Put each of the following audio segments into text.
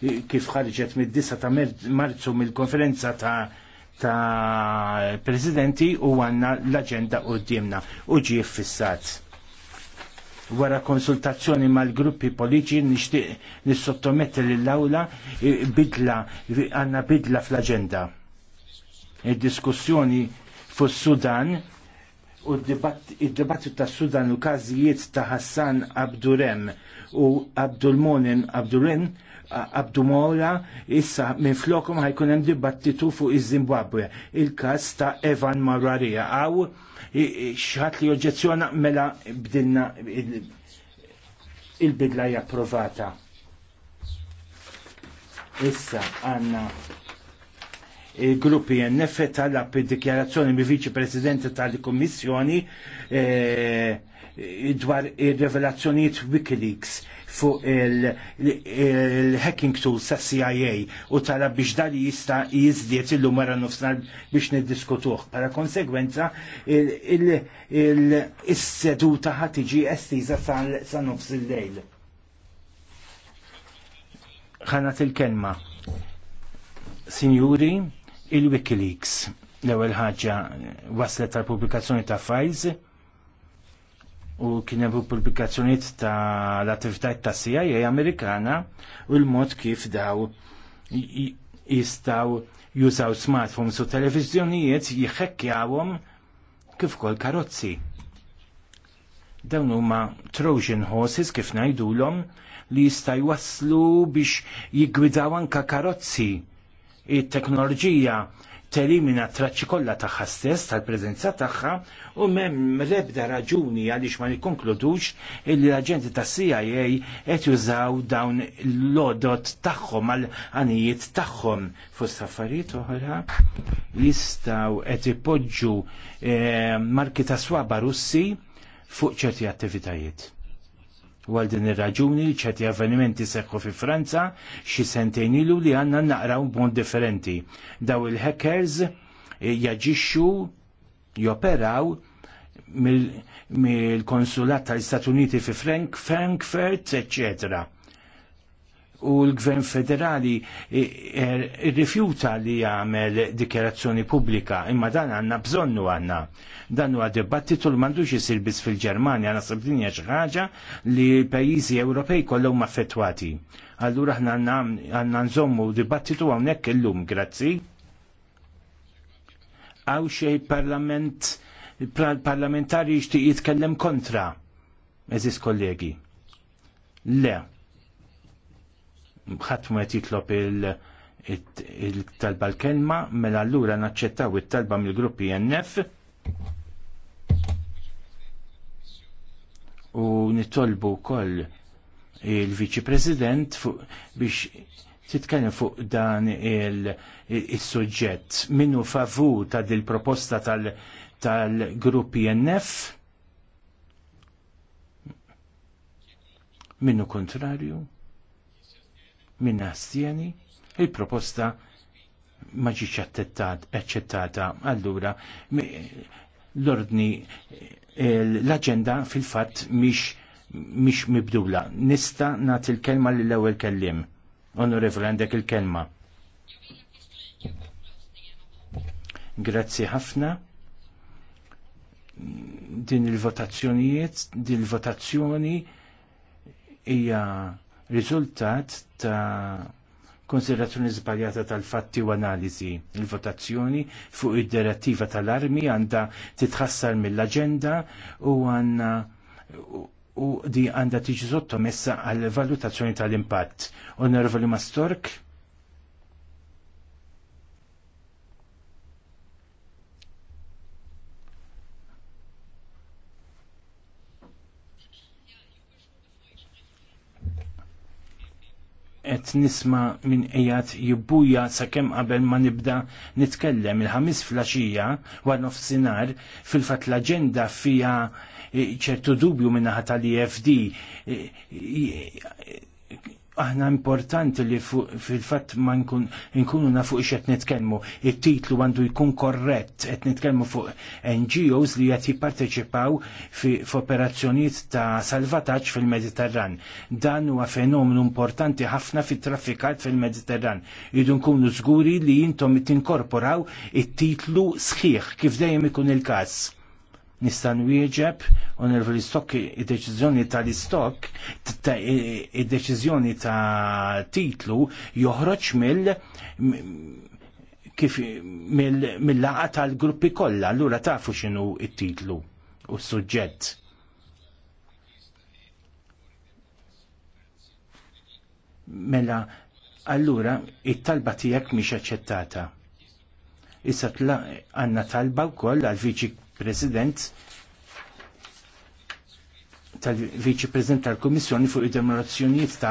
kif ħarġet mid-9 ta' Marzu mill-konferenza ta' ta' presidenti u għanna l-agenda u d-diemna u ġi fissat. Wara konsultazzjoni mal-gruppi politiċi nixtieq nissottometti lill-awla bidla għanna bidla fl-agenda. Id-diskussjoni fuq sudan u d dibattit ta' Sudan u każijiet ta' Hassan Abdurem u Abdul Monin Abdulin Abdu Mora issa minn flokom ħajkun hemm dibattitu fuq iż-Zimbabwe. Il-każ ta' Evan Mararija għaw xħat li oġġezzjona mela bdilna il-bidla hija approvata. Issa għandna il-gruppi NF talab dikjarazzjoni mi viċi presidenti tal komissjoni eh, dwar il-revelazzjoniet Wikileaks fuq il-hacking tools sa' CIA u tala biex dal jista jizdiet illum mara nofsnar biex niddiskutuh. Para konsegwenza il-seduta ħatiġi estiza sa' nofs il-lejl. ħanat il-kelma. Signori, Il-Wikileaks l-ewwel ħaġa waslet tal-pubblikazzjoni ta' files u kien hemm pubblikazzjonijiet ta' l-attivitajiet ta' CIA Amerikana u l-mod kif daw jistaw jużaw smartphones u televiżjonijiet jħekkjawhom kif kol karozzi. Dawn huma Trojan horses kif ngħidulhom li jista' jwasslu biex jiggwidaw anka karozzi it-teknoloġija telimina traċċi kollha tagħha stess tal-preżenza tagħha u m'hemm l-ebda raġuni għaliex ma nikkonkludux li l-aġenti tas-CIA qed jużaw dawn l-odot tagħhom għal għanijiet tagħhom fost affarijiet oħra jistgħu qed ipoġġu eh, marki ta' swaba Russi fuq ċerti attivitajiet għal din ir-raġuni li ċerti avvenimenti seħħu fi Franza xi sentejn ilu li għandna naqraw b'mod differenti. Daw il-hackers eh, jaġixxu joperaw mill-konsulat tal-Istati Uniti fi Frank, Frankfurt, eccetera u l-Gvern Federali eh, er, rifjuta li jagħmel dikjarazzjoni pubblika, imma dan għandna bżonnu għandna. Dan huwa dibattitu l m'għandux isir biss fil-Ġermanja naħseb din hija xi ħaġa li pajjiżi Ewropej kollhom affettwati. Allura aħna għandna nżommu dibattitu hawnhekk illum, grazzi. Għaw xej parlament parlamentari jixtieq jitkellem kontra, eżis kollegi. Le, ħadd ma jitlob il-talba l-kelma, mela allura naċċettaw it-talba mill-gruppi INF. E u nitolbu wkoll il-Viċi President biex titkellem fuq dan il-suġġett. Minnu favur ta' dil proposta tal-grupp tal e INF? Minnu kontrarju? s-sieni? il-proposta ma ġiċ accettata allura l-ordni eh, l-agenda fil-fatt miex miex mibdula. Nista nat il-kelma l ewwel kellim. Onorevole, għandek il-kelma. Grazzi ħafna. Din il-votazzjonijiet, din il-votazzjoni hija riżultat ta' konsiderazzjoni żbaljata tal-fatti u analiżi. Il-votazzjoni fuq id-direttiva tal-armi għandha titħassar mill-aġenda u għandna u di għandha tiġi sottomessa għal valutazzjoni tal-impatt. Onorevoli Mastork, qed nisma' minn qiegħed jibbuja sakemm qabel ma nibda nitkellem il-ħamis flaxija wara nofsinhar fil-fatt l-aġenda fija ċertu dubju minnaħa tal-EFD aħna importanti li fil-fatt ma nkun nkunu nafu ix qed nitkellmu. It-titlu għandu jkun korrett qed nitkellmu fuq NGOs li qed jipparteċipaw f'operazzjonijiet ta' salvataġġ fil-Mediterran. Dan huwa fenomenu importanti ħafna fit-traffikat fil-Mediterran. Idu nkunu żguri li jintom tinkorporaw it-titlu sħiħ kif dejjem ikun il-każ nista' nwieġeb u nirfu l-istokk id-deċiżjoni tal-istokk id-deċiżjoni ta' titlu joħroġ mill kif mill-laqa tal-gruppi kollha, allura tafu x'inhu it-titlu u s-suġġett. Mela, allura it-talba tiegħek mhix aċċettata. Issa għandna talba wkoll għal viċi President tal-Viċi President tal-Komissjoni fuq id-demolazzjonijiet ta'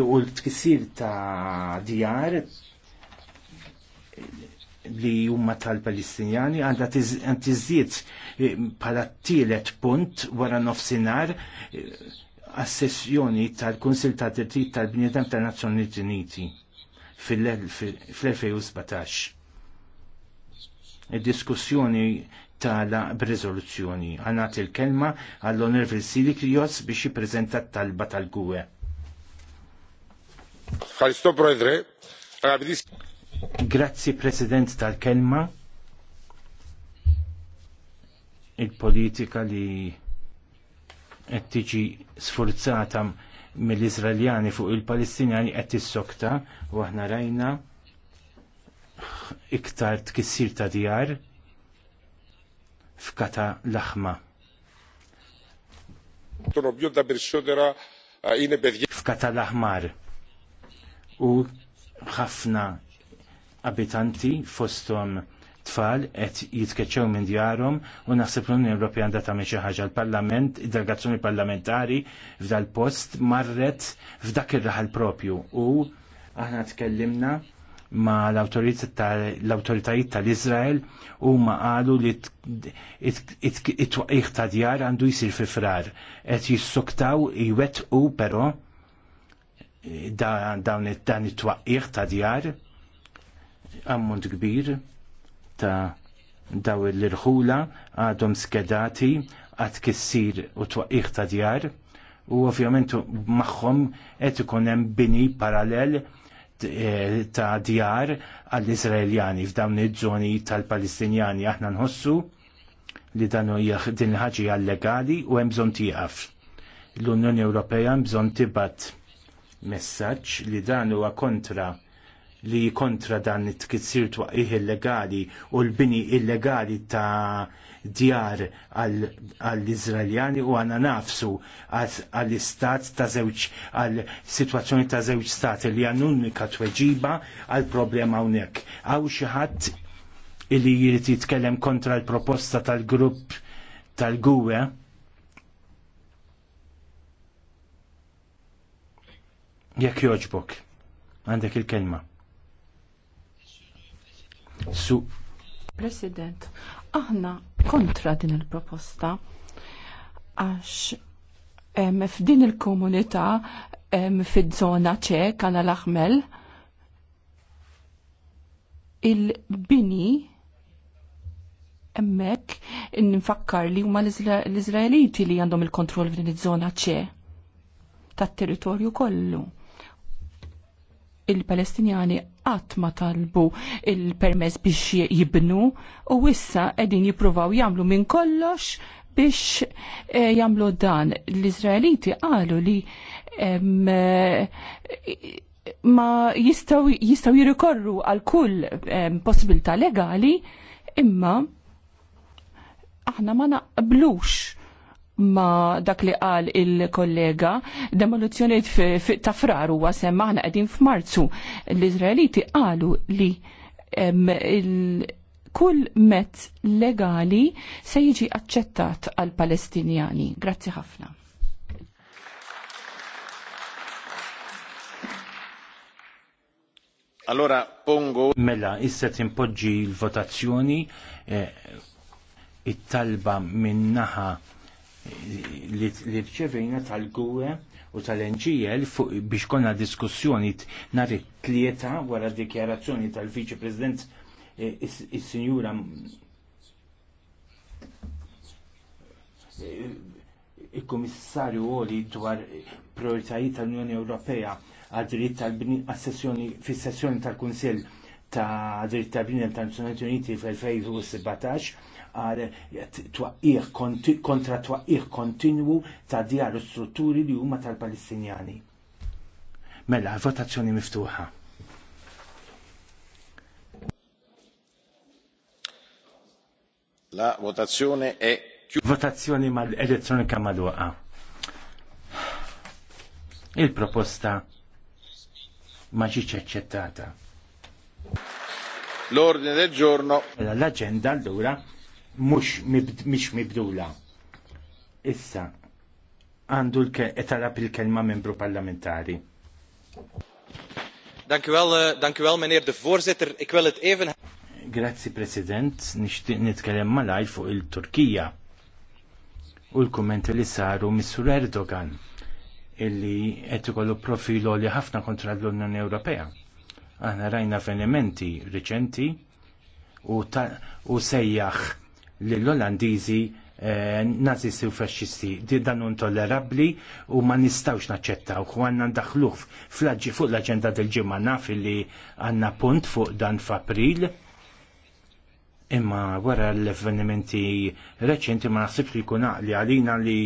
u l-tkissir ta' djar li huma tal-Palestinjani għandha tiżdied bħala tielet punt wara nofsinhar għas-sessjoni tal konsil ta' Tirtit tal-Bniedem tan-Nazzjonijiet Uniti fil-2017. il diskussjoni tala b'rizoluzzjoni. Għanna il-kelma għall Vilsili Krios biex jippreżenta t-talba tal-gwe. Grazzi President tal-kelma. Il-politika li qed tiġi sforzata mill-Izraeljani fuq il-Palestinjani qed tissokta u aħna rajna iktar tkissir ta' djar f'kata l eh, F'kata l U ħafna abitanti fostom tfal qed jitkeċċew minn djarhom u naħseb l-Unjoni Ewropea għandha tagħmel xi ħaġa l-Parlament, id-delegazzjoni parlamentari f'dal post marret f'dak ir-raħal propju u aħna tkellimna ma l-autoritajiet tal-Izrael u ma għalu li it-twaqiq ta' djar għandu jisir fi frar. Et jissuktaw jwet u pero dan it-twaqiq ta' djar ammont kbir ta' daw l-irħula għadhom skedati għad kissir u twaqiq ta' djar u ovvjament magħhom qed ikun hemm bini parallel Eh, ta' djar għall-Izraeljani f'dawn iż-żoni tal-Palestinjani aħna nħossu li dan din ħaġi għal-legali u hemm bżonn tieqaf. L-Unjoni Ewropea bżonn tibgħat messaġġ li dan huwa kontra li kontra dan it tkissir twaqqih illegali u l-bini illegali ta' djar għall-Izraeljani u għana nafsu għall-istat ta' zewċ għall-situazzjoni ta' zewċ stati li għannunika unika tweġiba għall-problema unek. Għaw xaħat illi jirid jitkellem kontra l-proposta tal-grupp tal guwe jekk joġbok għandek il-kelma. Su. President, aħna kontra din il-proposta għax f'din il-komunità fid-żona ċek għana l axmel il-bini emmek nfakkar li huma l-Izraeliti li għandhom il-kontroll f'din iż-żona ċe tat-territorju kollu il-Palestinjani qatt ma talbu il-permess biex jibnu u issa qegħdin jippruvaw jagħmlu minn kollox biex eh, jagħmlu dan. L-Iżraeliti qalu li em, ma jistaw, jistaw jirikorru għal kull possibilità legali imma aħna ma naqblux ma dak li qal il-kollega, demoluzzjoni ta' frar huwa semma aħna qegħdin f'Marzu. L-Iżraeliti qalu li kull mezz legali se jiġi aċċettat għal palestinjani. Grazzi ħafna. Allora pongo Mela, issa timpoġġi l-votazzjoni eh, it-talba minnaħa li rċevejna tal-gwe u e tal-NGL biex konna diskussjoni nhar it-tlieta wara dikjarazzjoni tal-Viċi President e, is-Sinjura e, il-Komissarju għoli dwar prioritajiet tal-Unjoni Ewropea għad-dritt tal-sessjoni fis-sessjoni tal-Kunsill ta' dritt tal-bnien tal-Nazzjonijiet Uniti fil-2017 għal twaqqih kontra twaqqih kontinwu ta' djar u strutturi li huma tal-Palestinjani. Mela, votazzjoni miftuħa. La votazione è chiusa. Votazione mal elettronica madwaqa. Il-proposta ma ġiċ accettata. L'ordine del giorno. Mela, l'agenda allora mhux mhix mibdula. Issa għandu l-etalab il-kelma membru parlamentari. Dank u għal, eh, dank u meneer de voorzitter. Ik wil het even... Grazzi, president. Nishtiq nitkellem malaj fuq il-Turkija. U l-kommenti li saru Missur Erdogan illi qed ikollu profilu li ħafna kontra l-Unjoni Ewropea. Aħna rajna avvenimenti riċenti u, u sejjaħ li l-Olandiżi eh, nazisti u fasċisti. Dan tollerabli u ma nistawx naċċetta U għanna ndaħluħ fuq l-agenda del-ġimma naf li għanna punt fuq dan f'April. Imma wara l-avvenimenti reċenti ma naħsibx li kun għaqli għalina li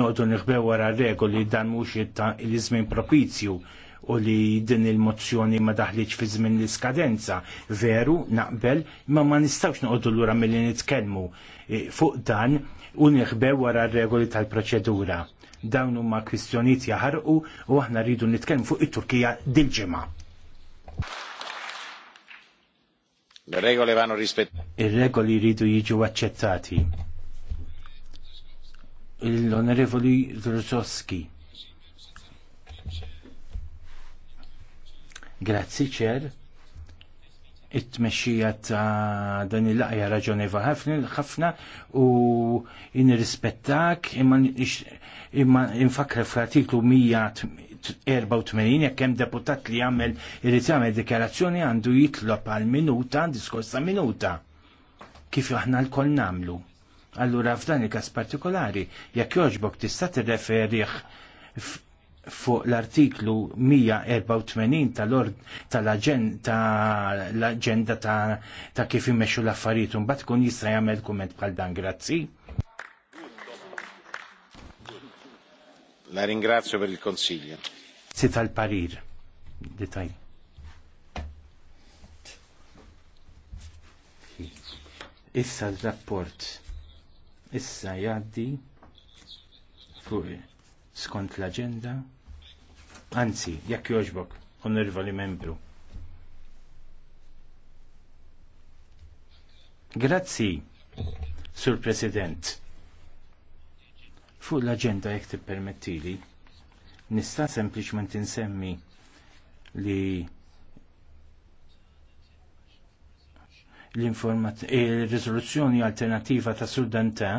noqdu nirbew wara regoli dan mhux il-żmien propizju u li din il-mozzjoni ma daħliċ fi żmien l-iskadenza. Veru, naqbel, ma ma nistawx noqogħdu lura milli nitkellmu e, fuq dan u nieħbew wara r-regoli tal-proċedura. Dawn huma kwistjonijiet jaħarqu u aħna rridu nitkellmu fuq it-Turkija dil-ġimgħa. Le regole vanno rispettate. Ir-regoli jridu jiġu aċċettati l-Onorevoli Drozowski. Grazzi ċer. It-tmexxija ta' dan il-laqja raġonevol ħafna u nirrispettak imma infakra fl-artiklu 184 jekk hemm deputat li jagħmel irid jagħmel dikjarazzjoni għandu jitlob għal minuta diskors ta' minuta kif aħna l-koll namlu. Allura f'dan il-każ partikolari, jekk jogħġbok tista' tirreferih fuq l-artiklu 184 tal-ord tal-agenda ta', ta kif immexxu l-affarijiet un bat kun jista' jagħmel kumment bħal dan grazzi. La ringrazio per il consiglio. Si tal-parir. Detail. Issa l-rapport. Issa jgħaddi fuq skont l-agenda. Anzi, jekk jogħġbok, onorevoli membru. Grazzi, Sur President. Fuq l-agenda jek tippermettili, nista' sempliċement insemmi li l-rizoluzzjoni riżoluzzjoni alternativa ta' Sudanta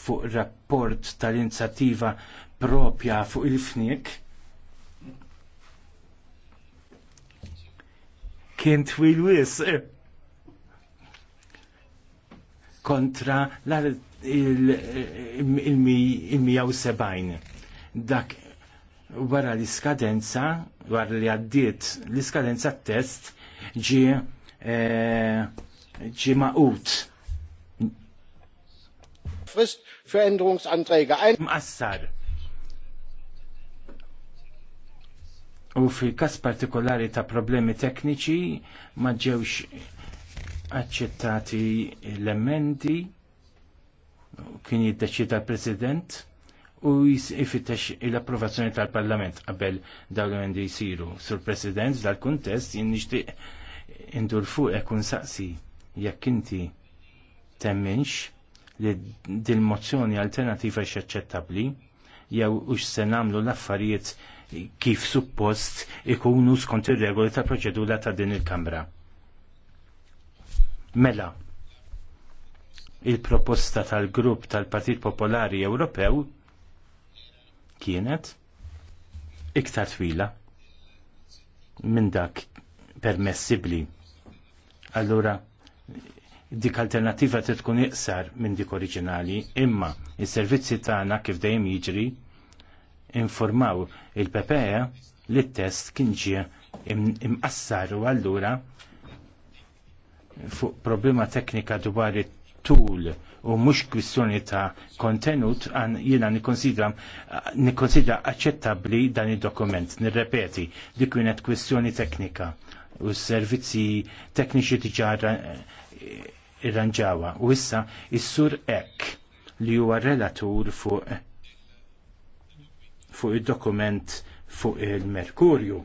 fuq rapport tal-inizjattiva propja fuq il-fnik kien twil wis kontra l-170 dak wara l-iskadenza wara li għaddiet l-iskadenza test ġi eh, ġi maqut Frist für Änderungsanträge ein. Massar u fil-kas partikolari ta' problemi tekniċi ma ġewx accettati l-emendi kien jiddeċida l-President u jifittex l-approvazzjoni tal-Parlament qabel dawn l-emendi jisiru. Sur President dal-kuntest jien nixtieq indur fuq ekun saqsi jekk inti temminx li dil-mozzjoni alternativa x'aċċettabbli jew ux se nagħmlu l-affarijiet kif suppost ikunu skont ir-regoli ta' proċedura ta' din il-Kamra. Mela, il-proposta tal-grupp tal-Partit Popolari Ewropew kienet iktar twila minn dak permessibli. Allura, dik alternativa tkun iqsar minn dik oriġinali, imma il servizzi tagħna kif dejjem jiġri informaw il-PPE li t-test kien ġie imqassar u allura fuq problema teknika dwar it-tul u mhux kwistjoni ta' kontenut għan jiena nikkonsidra aċċettabbli dan id-dokument. Nirrepeti, dik kienet kwistjoni teknika u s-servizzi tekniċi diġà irranġawa. U issa s sur ek li huwa relatur fuq fuq id-dokument fuq il-Merkurju.